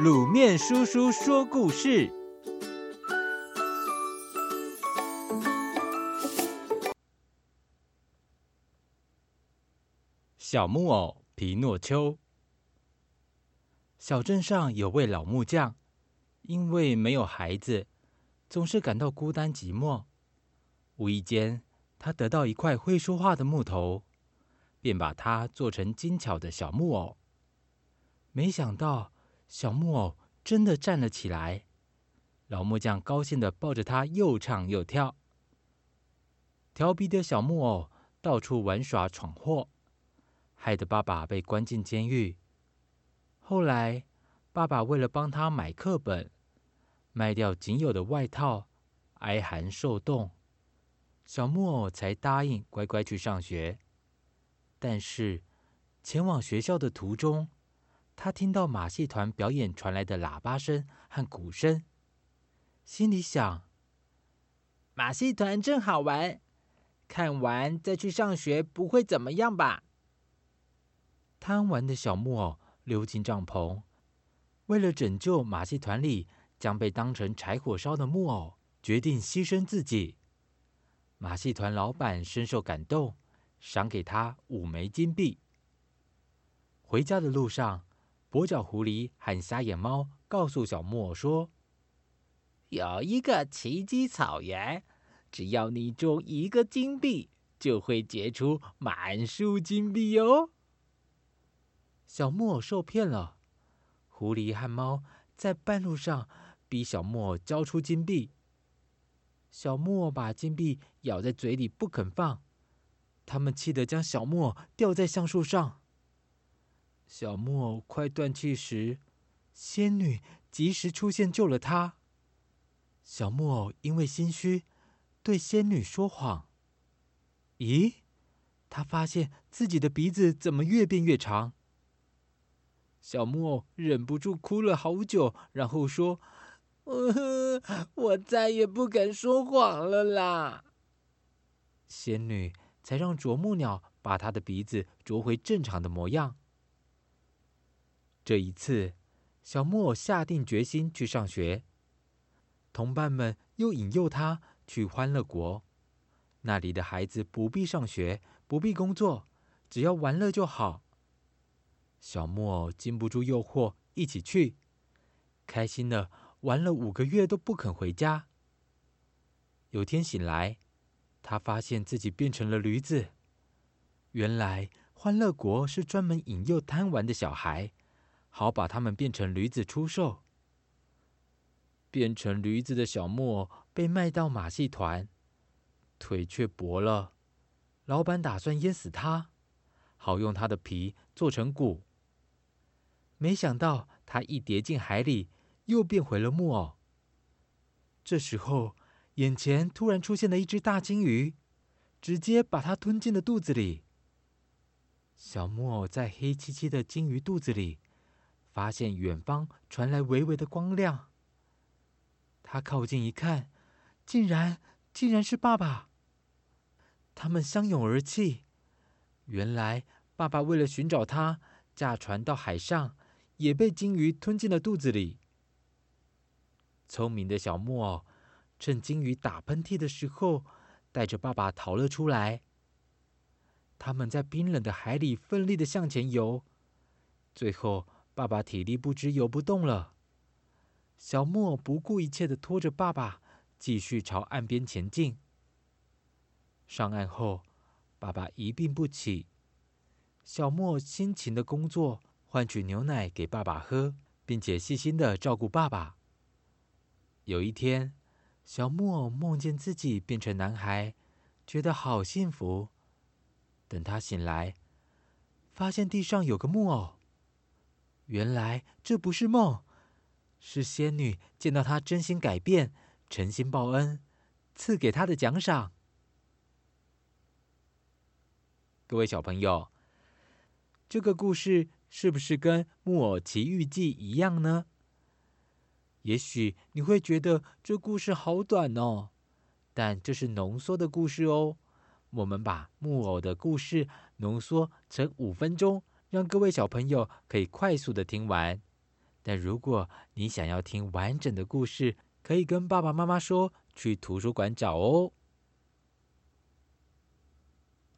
滷麵叔叔說故事：小木偶皮諾丘。小鎮上有位老木匠，因為沒有孩子，總是感到孤單寂寞。無意間，他得到一塊會說話的木頭，便把它做成精巧的小木偶。沒想到。小木偶真的站了起來，老木匠高興的抱着他，又唱又跳。調皮的小木偶到處玩耍闖禍，害得爸爸被關進監獄。後來，爸爸為了幫他買課本，賣掉僅有的外套，挨寒受凍，小木偶才答應乖乖去上學。但是，前往學校的途中，他聽到馬戲團表演傳來的喇叭聲和鼓聲，心裡想：“馬戲團真好玩，看完再去上學不會怎麼樣吧？”貪玩的小木偶溜進帳篷，為了拯救馬戲團裡將被當成柴火燒的木偶，決定犧牲自己。馬戲團老闆深受感動，賞給他五枚金幣。回家的路上，跛腳狐狸和瞎眼貓告訴小木偶說：“有一個奇蹟草原，只要你種一個金幣，就會結出滿樹金幣喲、哦。”小木偶受騙了，狐狸和貓在半路上逼小木偶交出金幣，小木偶把金幣咬在嘴裡不肯放，他們氣得將小木偶吊在橡樹上。小木偶快斷氣時，仙女及時出現救了他。小木偶因為心虛，對仙女說謊。咦？他發現自己的鼻子怎麼越變越長？小木偶忍不住哭了好久，然後說：“嗯哼，我再也不敢說謊了啦。”仙女才讓啄木鳥把他的鼻子啄回正常的模樣。這一次，小木偶下定決心去上學。同伴們又引誘他去歡樂國，那裡的孩子不必上學，不必工作，只要玩樂就好。小木偶禁不住誘惑，一起去，開心的玩了五個月都不肯回家。有天醒來，他發現自己變成了驢子。原來，歡樂國是專門引誘貪玩的小孩。好把它們變成驢子出售。變成驢子的小木偶被賣到馬戲團，腿卻跛了。老闆打算淹死他，好用他的皮做成鼓。沒想到他一跌進海裡，又變回了木偶。這時候，眼前突然出現了一隻大鯨魚，直接把它吞進了肚子裡。小木偶在黑漆漆的鯨魚肚子裡。發現遠方傳來微微的光亮，他靠近一看，竟然竟然是爸爸。他們相擁而泣。原來，爸爸為了尋找他，駕船到海上，也被鯨魚吞進了肚子裡。聰明的小木偶趁鯨魚打噴嚏的時候，帶着爸爸逃了出來。他們在冰冷的海裡奮力的向前游，最後，爸爸體力不支，游不動了。小木偶不顧一切的拖着爸爸，繼續朝岸邊前進。上岸後，爸爸一病不起。小木偶辛勤的工作，換取牛奶給爸爸喝，並且細心的照顧爸爸。有一天，小木偶夢見自己變成男孩，覺得好幸福。等他醒來，發現地上有個木偶。原來這不是夢，是仙女見到他真心改變、誠心報恩，賜給他的獎賞。各位小朋友，這個故事是不是跟《木偶奇遇記》一樣呢？也許你會覺得這故事好短哦，但這是濃縮的故事哦。我們把木偶的故事濃縮成五分鐘。讓各位小朋友可以快速的聽完，但如果你想要聽完整的故事，可以跟爸爸媽媽說，去圖書館找哦。